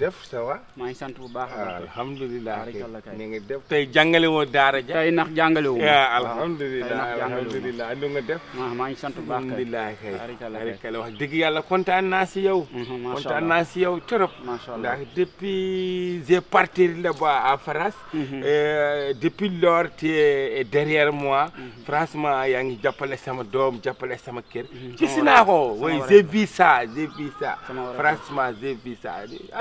def ça va. maa ngi sant bu baax a baax. alhamdulilah ni nga def. tey jàngale woo daara ja. tey nax jàngale woo. alhamdulilah alhamdulilah lu nga def. maa ngi sant bu baax kay alhamdulilah kay. alhamdulilah wax dëgg yàlla kontaan naa si yow. Mhm, macha allah kontaan naa si yow trop. macha allah ndax depuis j'ai parti là-bas à France. Mhm. Euh, depuis lors tu es euh, derrière moi. Mhm. franchement yaa ngi jàppale sama doom jàppale sama kër. gis naa ko oui j'ai vu ça j'ai vu ça. franchement j'ai vu ça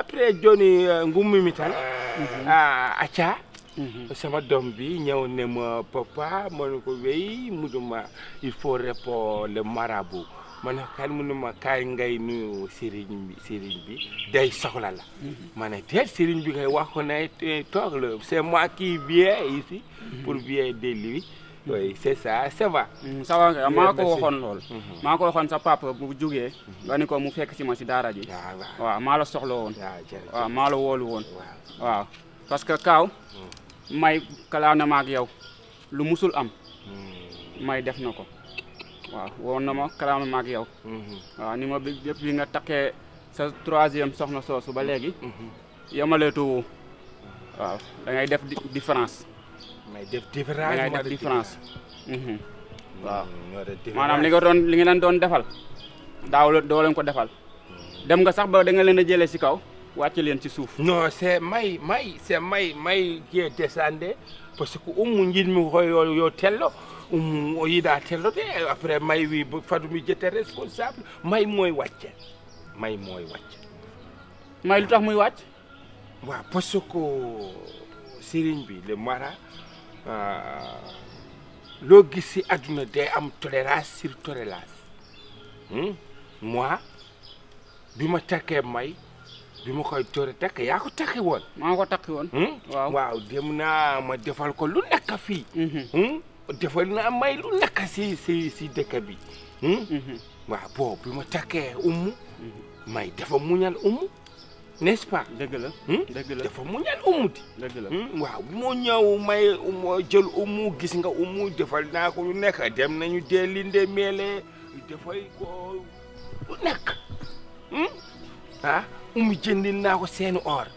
après. e eh, joni eh, gummimi tan eh. ah, acca mhm. sama doom bi ñëw ne ma papa man ko weyi mujuma il faut repo le marabout ma ne kan mu ne ma ngay nuyu sëriñ bi sëriñ bi day soxla mhm. ma ne teet sëriñ bi kay wax ko ne toog la c'est moi qui viens ici mhm. de Mm, oui c' est ça ça va. ça va nga maa ko lool. Mm-hmm. maa ko sa papa bu jógee. nga ni ko mu fekk si ma si daara ji. Ah, waaw maa la soxla woon. Ah, waaw maa la woolu woon. waaw parce que kaaw. Mm. may kalaa na ma yow lu musul am. Mm. may def na ko. waaw woon na ma kalaa na yow. Mm-hmm. waaw ni ma bi yëpp nga takkee sa troisième soxna soosu ba léegi. Mm-hmm. yamaleetu waaw da def différence. mais def différence ngay def différence waaw maanaam li nga doon li nga leen doon defal daaw la doo leen ko defal hmm. dem nga sax ba da nga leen a jëlee si kaw wàcc leen ci suuf non c'est may may c'est may may qui est descendé parce que ummu jinmi ko yo yo tello ummu o yiɗa tellode après may wi fadumi jette responsable may mooy wàcce may mooy wàcce may lu muy wàcc waaw parce que sëriñ bi le mara Euh, loo gis si àdduna de am tolérance sur tolérance hmm? moi bi ma takkee may bi ma koy tóore takk yaa ko takki woon. maa ko takki woon. Hmm? waaw waaw dem naa ma defal ko lu nekk fii. Mhm. Hmm? defal naa may lu nekk si si dëkk bi. Mhm. waaw boobu bi ma takkee umu. Mhm. may dafa muñal umu. n'est-ce pas. dëgg la hmm? dëgg la dafa hmm? waaw bi moo ñëw may umu jël umu gis nga umu defal naa ko lu nekk dem nañu dellinde meele dafay ko lu nekk hmm? ah umu jëndil naa ko seen or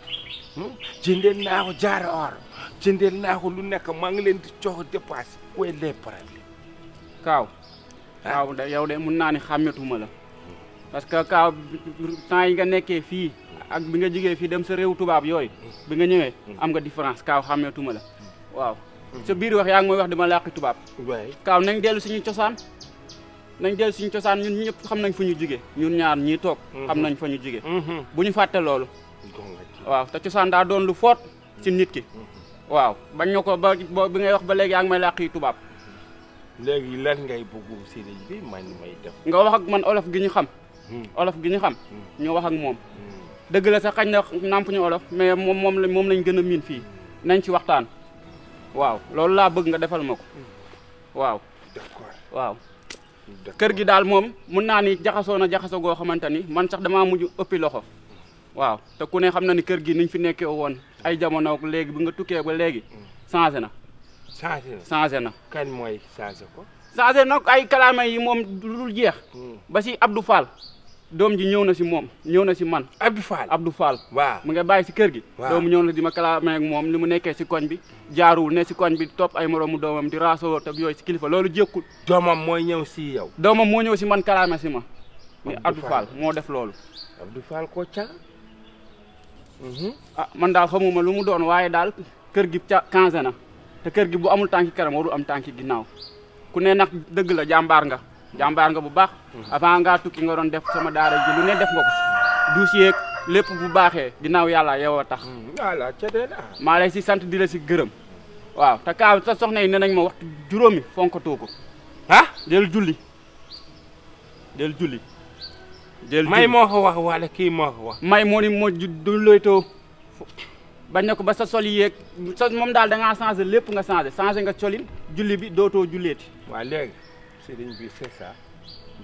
jëndil naa ko jaar or jëndil lu nekk maa ngi leen di jox dépasse où est le problème. Kaaw. Ah? Kaaw yow de mun naani ne la parce que Kaaw temps yi nga nekkee fii. ak bi nga jigee fii dem sa réew tubaab yooyu bi nga ñëwee mm. am nga différence kaaw xàmmeetuma la mm. waaw mm. sa biir wax yaa ngi mooy wax dama làqi tubaab kaaw nañ dellu suñu cosaan nañ dellu suñu cosaan ñun ñëpp xam nañ fu ñu jigee ñun ñaar ñii toog mm-hmm. xam nañ fa ñu jigee mm-hmm. bu ñu fàtte loolu waaw te cosaan daa doon lu foot ci nit ki mm-hmm. waaw bañ nga ko ba bi ngay wax ba léegi yaa ngi may làqi tubaab léegi lan ngay bëgg sëriñ bi man nga wax man olof gi ñu xam olof gi ñu xam ñu wax ak moom dëgg la sax xañ na nàmp olof mais moom moom lañ moom lañ gën a miin fii nañ ci waxtaan waaw loolu laa bëgg nga defal ma ko waaw. waaw. kër gi daal moom mun naa ni jaxasoo na jaxasoo goo xamante ni man sax damaa mujj ëppi loxo. waaw te ku ne xam na ni kër gi niñ fi nekkee woon ay jamono léegi bu nga tukkee ba léegi mm. changé na. changé na changé na. kan mooy changé ko. changé na ay kalaama yi moom du dul jeex. Mm. ba si ab du Fall. doom ji ñëw na si moom ñëw na si man. Abdou Fall Abdou Fall. waaw mu nga bàyyi si kër gi. waaw mu ñëw na di ma kalaamee ak moom li mu nekkee si koñ bi jaarul ne si koñ bi topp ay moroomu doomam di raasoo ak yooyu si kilifa loolu jékkul. doomam mooy ñëw si yow. doomam moo ñëw si man kalaame si ma. mais Abdou Fall moo def loolu. Abdou Fall ko ca. Mhm. ah man daal ma lu mu doon waaye daal kër gi ca quinze na te kër gi bu amul tànki kanam warul am tànki ginnaaw ku ne nag dëgg la jàmbaar nga. jàmbaar nga bu baax. avant ngaa tukki nga doon def sama daara ji lu ne def nga ko si. lépp bu baaxee ginnaaw yàlla yow a tax. Hmm, voilà maa lay si sant di la si gërëm. waaw te kaa sa soxna yi nee nañ ma waxtu juróomi fonkatoo ko. ah del julli del julli. del may moo wax wax wala kii moo wax. may moo ni moo du loytoo bañ na ko ba sa sol yéeg sa moom daal da ngaa changé lépp nga changé changé nga colin julli bi dootoo julleeti. waaw léegi. sëriñ bi c'est ça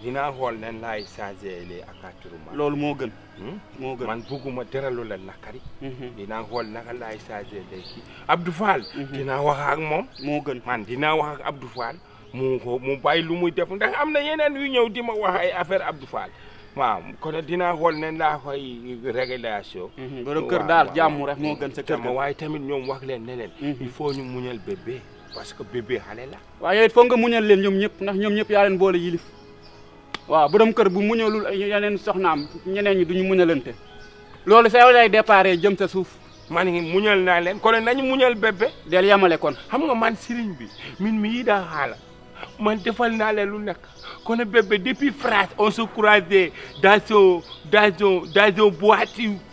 dinaa xool nan laay changé les accoutrements loolu moo gën hmm? moo gën man bugguma tëralu la nakari mhm. dinaa xool naka laay ab les kii Abdou mhm. dinaa wax ak moom moo gën man dinaa ak Abdou Fall mu ko bàyyi lu muy def ndax am na yeneen yu ñëw di ma wax ay affaire Abdou Fall waaw kon dina xool ne laa koy régulation. Mhm. borom kër daal jàmm rek moo gën sa kër. waaye tamit ñoom wax leen ne leen. il faut ñu muñal bébé. parce que bébé xale la. waaw yow foog nga muñal leen ñoom ñëpp ndax ñoom ñëpp yaa leen boole yilif waaw borom kër bu muñalul yeneen soxnaam ñeneen ñi duñu muñalante loolu sa yow lay déparé jëm sa suuf. man muñal naa leen kon nañu muñal bébé. del yamale kon. xam nga man sëriñ bi min mi yi daa xaala man defal naa leen lu nekk kon bébé depuis France on se croisait dans son dans son dans son boîte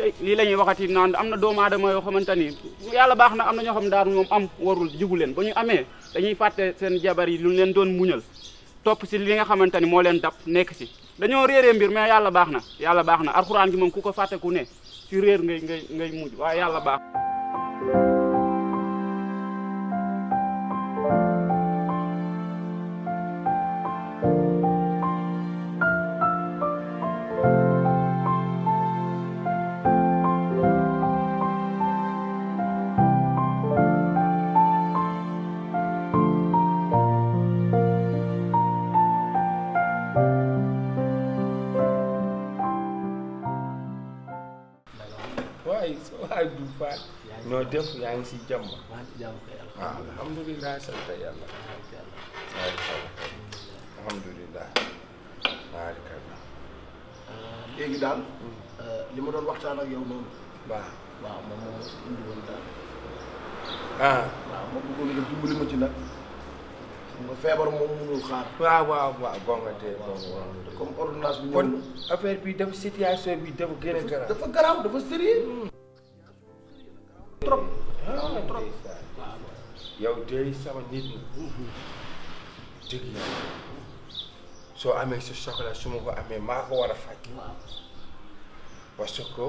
tey lii la ñuy waxati naan am na doomu aadama yoo xamante ni yàlla baax na am na ñoo xam daal moom am warul jigu leen ba ñu amee dañuy fàtte seen jabar yi lu leen doon muñal topp si li nga xamante ni moo leen dab nekk si dañoo réeree mbir mais yàlla baax na yàlla baax na alxuraan gi moom ku ko fàtte ku ne ci réer ngay ngay ngay mujj waaye yàlla baax yëpp yaa ngi si jàmm. maa ngi si jàmm kay alhamdulilah ah, sant yàlla. alhamdulilah. léegi daal. Hmm. Euh, li ma doon waxtaan ak yow noonu. waaw waaw moom moom indi woon ah. waaw ma nga dimbali comme ordonnance bi ñëw affaire bi dafa situation bi dafa gën a dafa garaaw trop waaw trop yow de sama nit na dëgg yàlla soo amee sa soxla su ma ko amee maa ko war a faj parce que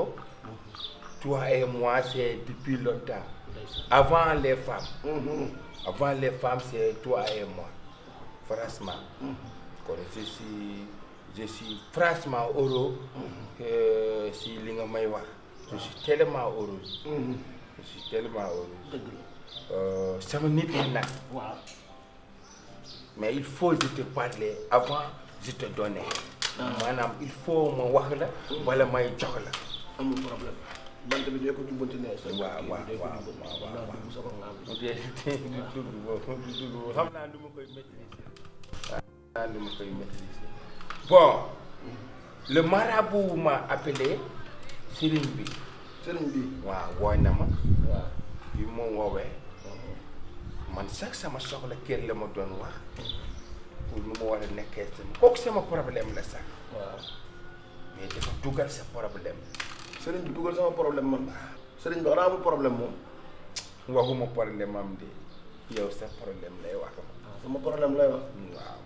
toi et é moi c'est é depuis longtemps avant les femmes uhum. avant les femmes c'est toi et moi franchement kon uhum. je suis je suis franchement heureux uhum. si li nga may wax je suis tellement heureux je suis tellement heureux. Euh, m'est nit mais il faut je te parler avant de te donner. Ah. il faut que wax la. wala bon le marabout m'a appelé Serigne sëriñ bi waaw wooy na ma bi mu woowee man sax sama soxla kër la ma doon wax pour nu ma war a nekkee sama kooku sama problème la sax waaw mais dafa dugal sa problème sëriñ bi dugal sama problème man sëriñ bi xanaa amul problème moom waxuma problème am de yow sa problème lay wax sama problème lay wax waaw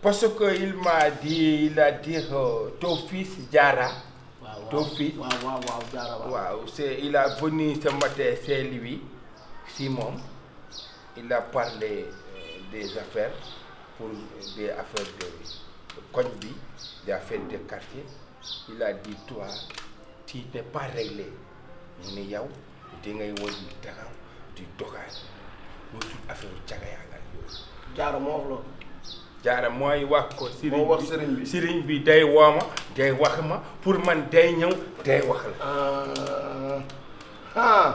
parce que il m'a dit il a dit euh, ton Tofi. Wow, c'est, il a venu ce matin, c'est lui, Simon. Il a parlé euh, des affaires, pour des affaires de, de des affaires de quartier. Il a dit, toi, tu n'es pas réglé. Nous sommes tu es là, tu es là, tu es là, tu es là, tu es jaara mooy wax ko. moo sëriñ bi sëriñ bi day wooma day wax ma pour man day ñëw day wax la. Ah. Ah.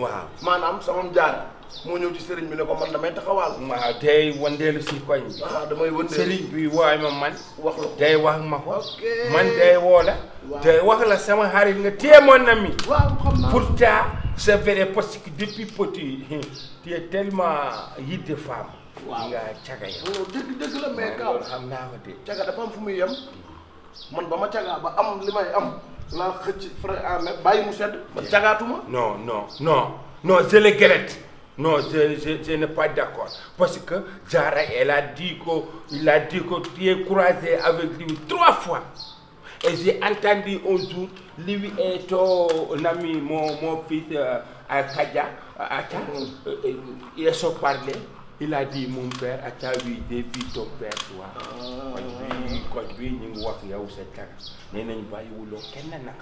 waaw maanaam sama jaara moo ñëw sëriñ bi ne ko man damay taxawaal. waaw day wandeelu si koñ bi. ah damay wandeelu sëriñ bi wooy ma man. wax la day wax ma ko. man day woo day wax la sama xarit nga téemoon na mi. waaw xam naa pourtant c'est vrai parce que depuis petit tu es non non non non je les non je n'ai pas d'accord parce que Jara, elle a dit que a dit que tu es croisé avec lui trois fois et j'ai entendu un jour lui et ton ami mon mon fils euh, à Kaja à mm. euh, euh, ils se parlé. il a dit mon père ataawi depuis ton père toi. koj bi koj bi ñu ngi wax yow sa tànk nee nañ bàyyiwuloo kenn nag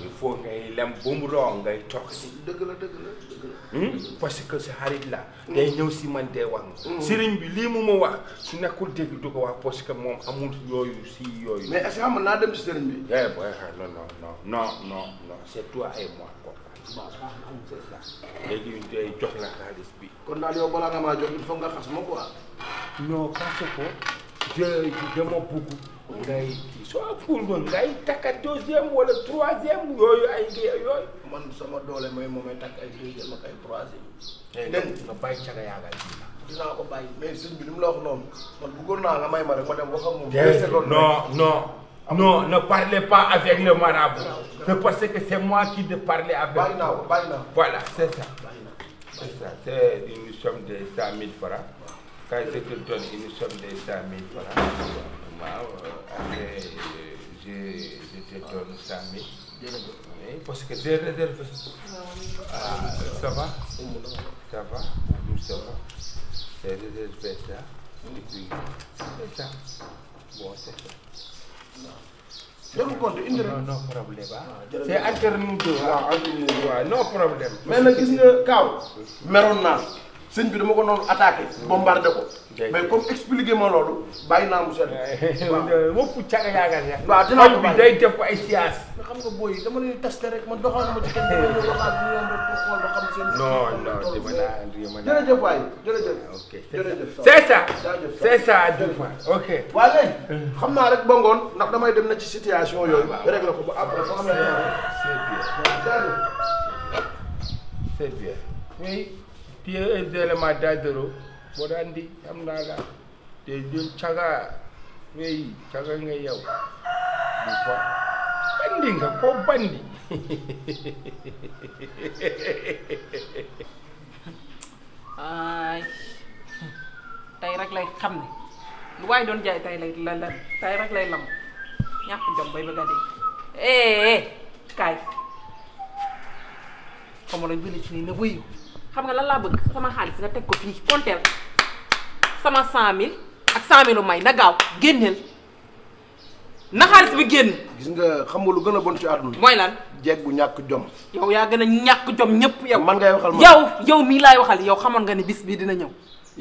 il faut ngay lem bu mu roo ngay toog si. dëgg la dëgg la dëgg la. Hmm? parce que sa xarit la. day ñëw si man day wax. Hmm. sëriñ bi lii mu ma wax su nekkul dégg du ko wax parce que moom amul yooyu si yooyu. mais est-ce que xam naa dem si sëriñ bi. eh non non non non non c'est toi et moi quoi. waaw baax na léegi ñu doy jox la xaalis bi. kon daal yow balaa nga maa jox il faut nga xas ma ko non parce ko je dama bugg ngay kii soo ful ma ngay takka deuxième wala troisième yooyu ay yooyu. man sama doole mooy moomay takk ay deuxième ak ay troisième. Eh, dégg nga bàyyi caga yaa ngi dinaa ko bàyyi mais sëñ bi mu la wax noonu man bëggoon naa nga may ma rek ma dem wax ak moom. Eh, non non. Non, ne parlez pas avec le marabout. C'est parce que c'est moi qui de parler avec lui. Voilà, c'est ça. C'est ça. C'est une somme de 100 000 francs. Quand je te donne une somme de 100 000 francs, euh, après, je, te donne 100 000. Parce que j'ai réservé. Ah, ça va Ça va Nous, ça va J'ai réservé ça. Et c'est ça. Bon, c'est ça. dama compte indi rek. non non problème ah. ah c'est alterne waaw ah. ah, alterne waaw non problème. mais nag gis nga Kaaw. meroon naa. sëñ bi dama ko noonu attaqué. bombardé ko. mais comme expliqué ma loolu bàyyi naa mu sedd. waaw moom càgg yaakaar naa. waaw dinaa ko bi day def ko ay siyaas. nga xam nga booy dama leen testé rek man doxal ma ci kenn ku ne waxaat ñu yomb rek pour xool ba xam seen. non non jërëjëf jërëjëf waay jërëjëf. Ah, ok jërëjëf c'est ça c'est ça ok. waaw léegi xam naa rek ba ngoon ndax damay dem na ci situation yooyu. Ah, rek la ko ba après ba xam ne. c'est bien c'est bien. pied eldele ma dadoro mboɗo anndi ƴamnaaka de joni caga weyi caga nge yaw ɗi fo banndi nga ko banndi ay tay rek lay xam ne lu waay doon jaay tay lay la la tay rek lay lam ñàkk jom bay bëgg a dee eh eh kaay xamal la bëri ci ne na wéyu xam nga lan la bëgg sama xaalis nga teg ko fii konteel sama 100000 ak 100000 may na gaaw génneel na xaalis bi génn. gis nga xam lu gën a bon ci àdduna. mooy lan jéggu bu ñàkk jom. yow yaa gën a ñàkk jom ñëpp yow. man ngay waxal ma yow yow mii laay waxal yow xamoon nga ni bis bii dina ñëw.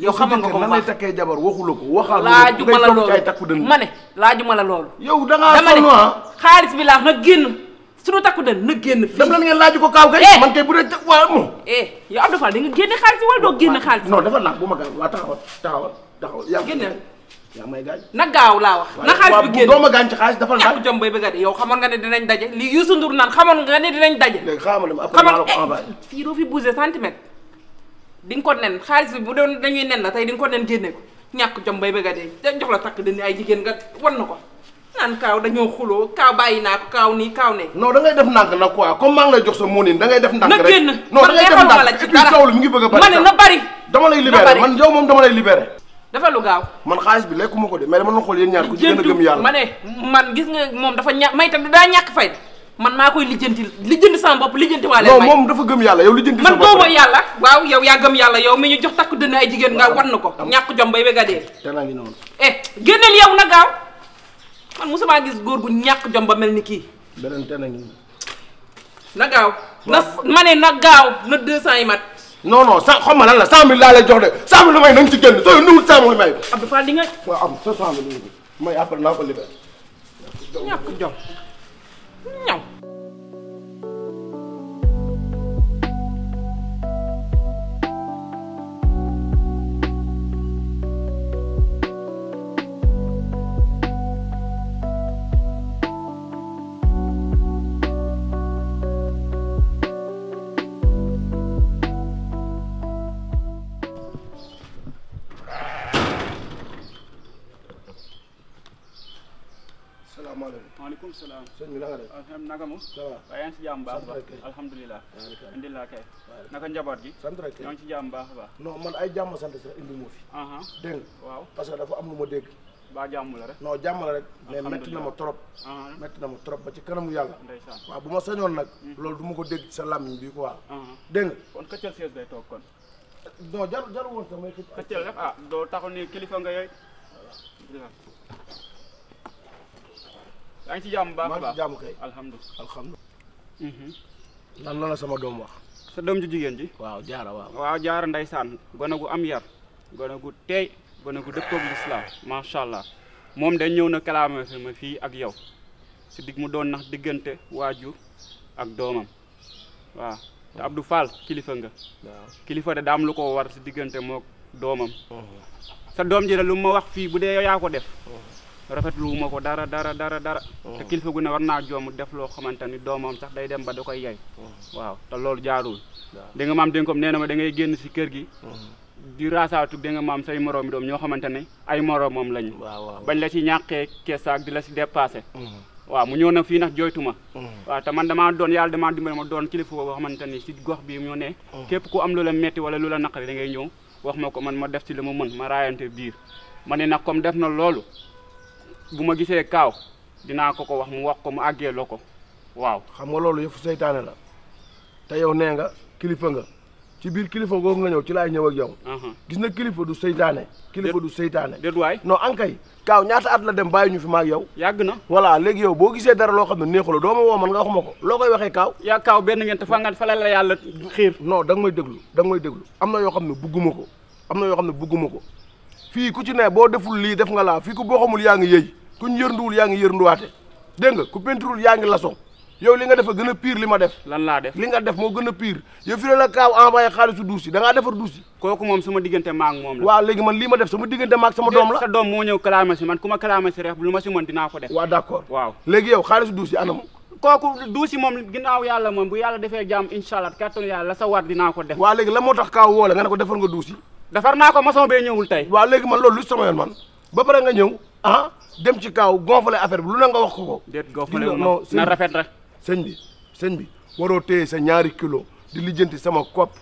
yow xamoon nga ko ma lay takkee jabar waxula ko waxal laaju ma la loolu ma ne laaju ma la loolu yow da ngaa sonn ah. xaalis bi laax na génn suñu takku dën na génn fii. dem leen ngeen laaj ko kaaw kay. Eh! man kay bu dee waa moom. Eh, yow Abdou Fall da nga génne xaalis wala doo génne na gaaw laa wax. na xaalis bi génn waaw doo ma gaañ ci xaalis dafa naax. ñàkk jom a de yow xamoon nga ne dinañ daje li Youssou Ndour naan xamoon nga ne dinañ daje. léegi ma ne ko envoyé. Eh, fii doo fi bougé centimètre di ko nen xaalis bi bu doon dañuy nen la tey di ko nen génne ko ñàkk jom bay bëgg a de jox la takk dënn ay jigéen nga wan na ko naan kaaw dañoo xuloo kaaw bàyyi naa ko kaaw nii kaaw ne. non da def ndànk nag quoi comme maa ngi lay jox sa moonin da ngay def. ndànk na génn non da ngay def ndànk et puis coow a bari. ma ne na bari dama lay libéré man yow moom dama lay libéré. dafa lu gaaw man xaalis bi lekkuma ko de a gëm yàlla. ma ne la gis nga moom dafa ña may tam daa ñàkk fay man maa koy lijjanti lijjanti sama bopp moom yàlla waaw yow yaa gëm yàlla yow mi ñu jox takk dënn ay jigéen nga war na ko ñàkk jom bay ba ga dee. te naa ngi noonu eh génneel yow na gaaw man mosumaa gis góor gu ñàkk jom ba mel ni kii. beneen te nañu. nag gaaw na ma ne na gaaw na deux cent yi mat. non sa xaw ma lan la cent mille laa lay jox de cent mille may na ci génn may. Abdou Fall di nga. waaw am sa cent mille may après naa ko libéré. ñàkk jom ñaw. waaleykum salaam. sëñ bi naka def. alhamdulilah naka mu. ça waaye yaa ngi si jàmm baax a baax. alhamdulilah. alhamdulilah kay. naka njaboot gi. sant rek a baax. non man indi moo fi. dégg waaw parce que dafa am lu ma dégg. baa jàmm la rek. non jàmm la rek. mais métti na ma trop. métti na ma trop ba ci kanamu yàlla. ndeysaan waaw bu ma sañoon nag. Hmm. loolu du ma ko dégg sa làmmiñ bi ko dégg nga. kon këccal sees day toog kon. non jarul jarul woon sax may. këccal rek ah doo taxul ni kilifa nga yooyu. yaa ngi ci jàmm baax mhm. sama doom wax. sa doom ju jigéen ji. waaw jaara waaw. waaw ndeysaan gone gu am yar gone gu teey gone gu dëkkoog lislaam macha allah moom dañ ñëw na kalaame fi fii ak yow si dig mu doon nax diggante waajur ak doomam waaw te hmm. Abdou Fall kilifa nga. kilifa de daam lu ko war si diggante mook doomam. Hmm. sa doom ji de lu ma wax fii bu dee yow yaa ko def. Hmm. Rafat luma ko dara dara dara dara oh. te kilifa gu ne war naa joom def loo xamanteni ni doomam sax day dem ba da koy yay oh. waaw te loolu jaarul da nga maam dénkoom nee na ma da ngay génn si kër gi oh. di raasaatu da nga maam say moroom doom ñoo xamanteni ay moroom moom lañu bañ la ci ñàqee keesaak di la si dépassé mm-hmm. waaw mu ñëw na fii nag joytuma ma mm-hmm. waaw te man dama doon yàlla dama dimbali ma doon kilifa boo xamanteni ni si gox bi mu ne mm-hmm. képp ku am lu la metti wala lu la naqari da ngay ñëw wax ma ko man ma def ci mën ma raayante biir ma ne nag def na loolu bu ma gisee kaaw dinaa ko ko wax mu wax ko mu àggee loo ko waaw. xam nga loolu yëfu seytaane la te yow nee nga kilifa nga ci biir kilifa googu nga ñëw ci laay ñëw ak yow. gis na kilifa du seytaane. kilifa du seytaane. déet waay non yi kaaw ñaata at la dem bàyyi ñu fi ma ak yow. yàgg na voilà léegi yow boo gisee dara loo xam ne neexu la doo ma woo man nga waxuma ko loo koy waxee kaaw. yaa kaaw benn ngeen te fa nga fa la la yàlla xiir. non da nga may déglu da nga may am na yoo xam ne bugguma ko am na yoo xam ne bugguma ko fii ku ci ne boo deful lii def nga laa fii ku boo xamul yaa ngi yëy kuñ yërnduwul yaa ngi waté dégg nga ku pentrul yaa ngi laso yow li nga def gëna pire li def lan la def li nga def mo gëna pire yow fi la kaw envoyé xaalisu douci da nga defar douci koku mom moom digënté diggante maag la wa légui man def sama diggante maag sama dom la sa dom mo ñew ci man kuma ma ci si rek lu ma si mën dina ko def wa d'accord wa légui yow xaalisu douci anam koku douci mom ginnaaw yalla mom bu yalla defé jam inshallah allah yalla la sa war dina ko def wa légui la moo tax kaaw la nga ne ko defar nga douci defar nako ko maçon be ñewul tay wa légui man loolu sama yoon man ba pare nga ñew ah dem ci kaw gonfale affaire bi lu na nga wax ko ko. déet gonfale wu ma rafet rek. sëñ bi sëñ bi waroo téye sa ñaari kilo di lijjanti sama kopp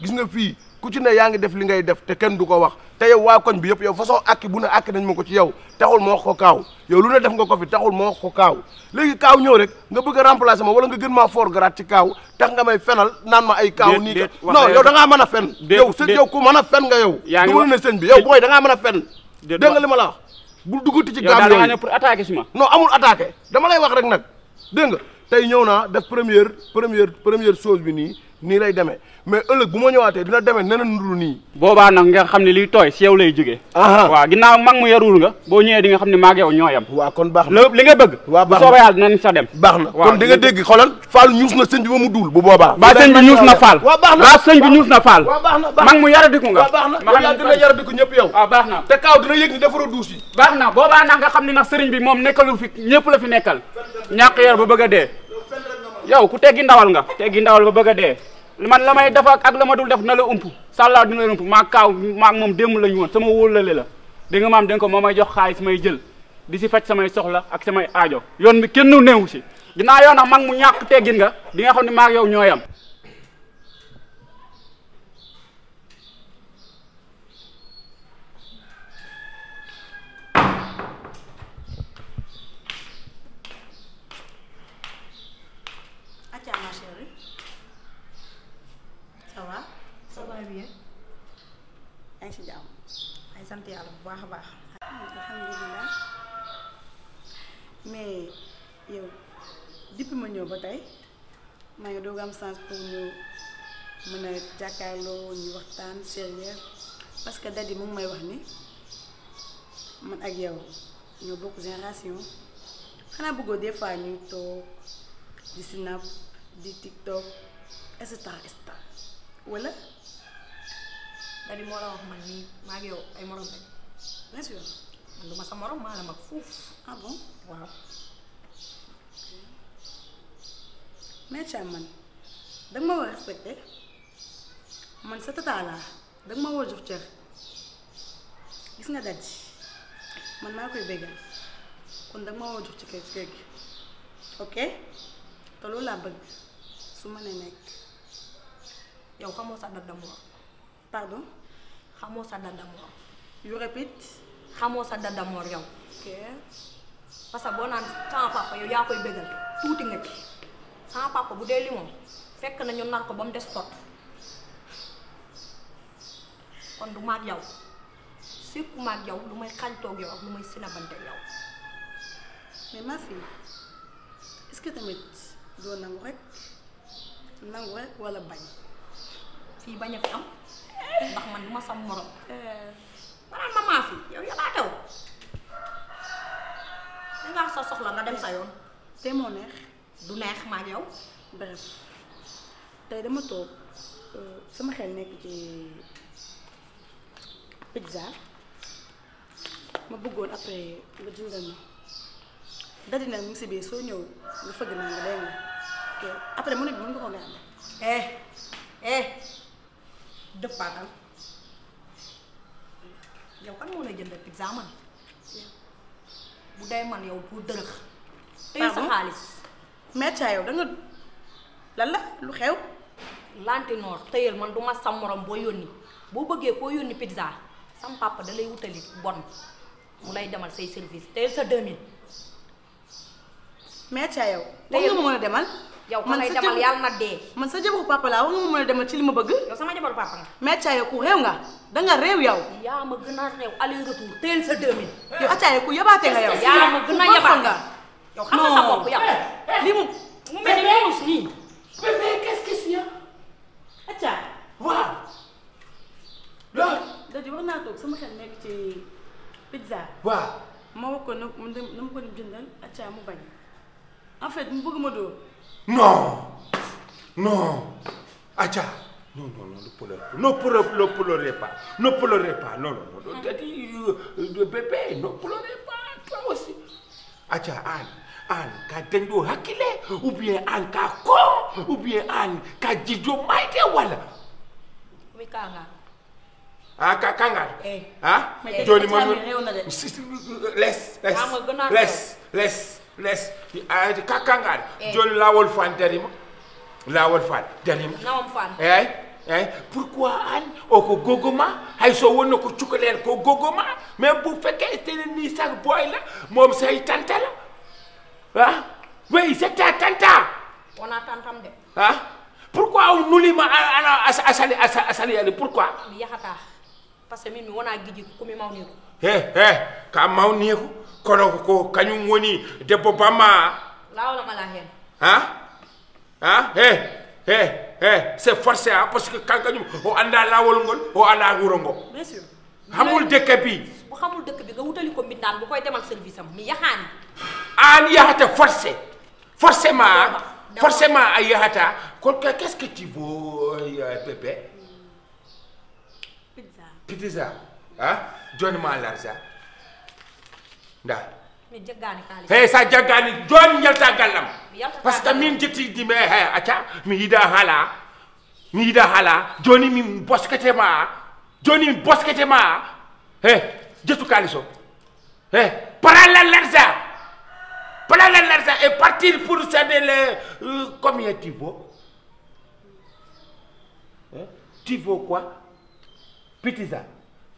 gis nga fii ku ci ne yaa ngi def li ngay def te kenn du ko wax te yow waa koñ bi yëpp yow façon akki bu ne akki nañ ma ko ci yow taxul ma wax ko kaaw yow lu ne def nga ko fi taxul ma wax ko kaaw léegi kaaw ñëw rek nga bëgg a ma wala nga gën maa foor garaat ci kaaw tax nga may fenal naan ma ay kaaw nii ka non yow da ngaa mën a fen yow sëñ mën a fen nga yow du ma ne sëñ bi yow booy da ngaa mën a fen dégg nga li ma bul duggati ci gaam yooyu yow pour attaquer si ma. non amul attaquer dama lay wax rek nag dégg nga tey ñëw naa def première première première chose bi nii nii lay demee mais ëllëg bu ma ñëwaatee dina demee nena nuru nii boobaa nag nga xam ne liy tooy si yow lay jógee waaw ginnaaw mag mu yarul nga boo ñëwee di nga xam ne maag yow ñoo yem waaw baax na li nga bëgg waaw bu soobee baax na kon di nga dégg xoolal faal ñuus na bu boobaa ba sëñ bi ñuus na baax na waaw sëñ bi baax na mag mu yaradiku baax na yàlla dina yaradiku ñëpp yow waaw baax na te kaaw dina baax na boobaa nag nga xam ne nag sëriñ bi moom nekkalul fi ñëpp la fi nekkal ñàkk yar ba bëgg a dee yow ku teggi ndawal nga teggi ndawal ba bëgg a dee man la may def ak la ma dul def na la ump sàllaa du na la ump maa kaaw maa moom démb la woon sama wóolale la dinga nga maam da ko moom may jox xaalis may jël di si faj samay soxla ak samay aajo yoon bi kenn néewu si dinaa yoon a mag mu ñàkk teggin nga di xam ne maa yow ñooyam maa ngi am chance pour ñu mën a jàkkaarloo ñu waxtaan sérieux parce que dadi mu ngi may wax ni man ak yow ñoo bokk génération xanaa bëggoo des fois ñuy toog di snap di tiktok et cetera et cetera moo la wax man nii maa ngi yow ay morom rek. bien sûr man ma sa morom maa la mag fuuf. ah waaw. Mère Thiam man danga ma war a respecté man sa tata laa ma war a cër gis nga daj man maa koy béggal kon danga ma war a ci kër ci kër gi ok te loolu laa bëgg su ma nee nekk yow xamoo sa date de pardon xamoo sa date de mort xamoo sa date yow ok parce que boo naan sama papa yow yaa koy béggal tuuti nga ci sama papa bu dee limon fekk na ñu nar ko bam dess tot kon du maag yaw sikku maag yaw lu may xañtoog yow ak lu may sinabante yaw mais ma fi est ce que tamit doo nangu rek nangu rek wala bañ fi baña fi am ndax man duma sam morom eh. manaan ma maa fi yow yalaa daw da nga sa soxla nga dem sa yoon te mo neex du neex ma ak yow. dama toog euh, sama xel nekk ci pizza ma bëggoon après nga jëndal ma dadi nag mu si biir soo ñëw nga fëgg naa nga day nga après mu ne bi ko gàll. eh eh dëppaatal yow pizza man bu day man yow pour dërëx. tey sa xaalis. médecin yow da nga lan la lu xew lantinor teyel man duma sam morom bo yoni bo beugé ko yoni pizza sam papa da lay wutali bon mou lay demal say service teyel sa 2000 médecin yow da nga ma demal yow ko lay demal yalla na dé man sa jabo papa la nga ma demal ci lima bëgg yow sama jabo papa nga médecin yow ku rew nga da nga rew yow ya ma gëna rew sedemin aller retour teyel sa 2000 yow atay ku yabaate nga yow ya ma gëna a nga Non. Non. qu'est-ce que c'est? a. non, non, non, non, non, non, non, sama xel non, ci pizza. non, Non. Non. non, Non, non, non, non, non. Non, non, en fait non. Non, non, non. non non non. non non non Non, non, non. ne pleurez pas ne pleurez pas non non non. Non, non, hein? euh, ne pleurez pas toi aussi. Ah, non, Anne. an ka dendo hakkile ou bien an ka ko ou bien an ka jijo mayde walla mi kanga a ah, ka kangal eh. a joni ah, eh. lawol fan darima lawol fan darima nawam fan eh, pourquoi an o oh, ko gogo ma hay so wonno ko cukalel ko gogo ma bu fekke tenen ni sag boy la moom say tantala ah oui c'est ta tanta. on a tantam de. ah pourquoi on nous lima ana ah, ah, asali asali yani pourquoi. Ah, yaxata parce que min mi wona eh, eh, giji eh, parce que kankañum o woo lawol ngol o anda wuro ngo. bien sûr. xamul dëkk bi. bu xamul dëkk bi nga wutali ko mbindaan bu koy demal service am mi yaxaani. forcé. Forcément, ah, forcément à Qu'est-ce que tu veux, euh, Pépé Pizza. Pizza. Hein? Donne-moi l'argent. Nda. Hey, ça gagné. Donne-moi galam. Parce que min di acha, ida hala, mi hala, Johnny mi ma, Johnny ma. Hey, kaliso. Hey, parallèle l'argent. Plein l'argent et partir pour céder le... Euh, combien tu vaux hein? Tu vaux quoi Petit ça.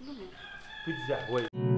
Petit ça, oui.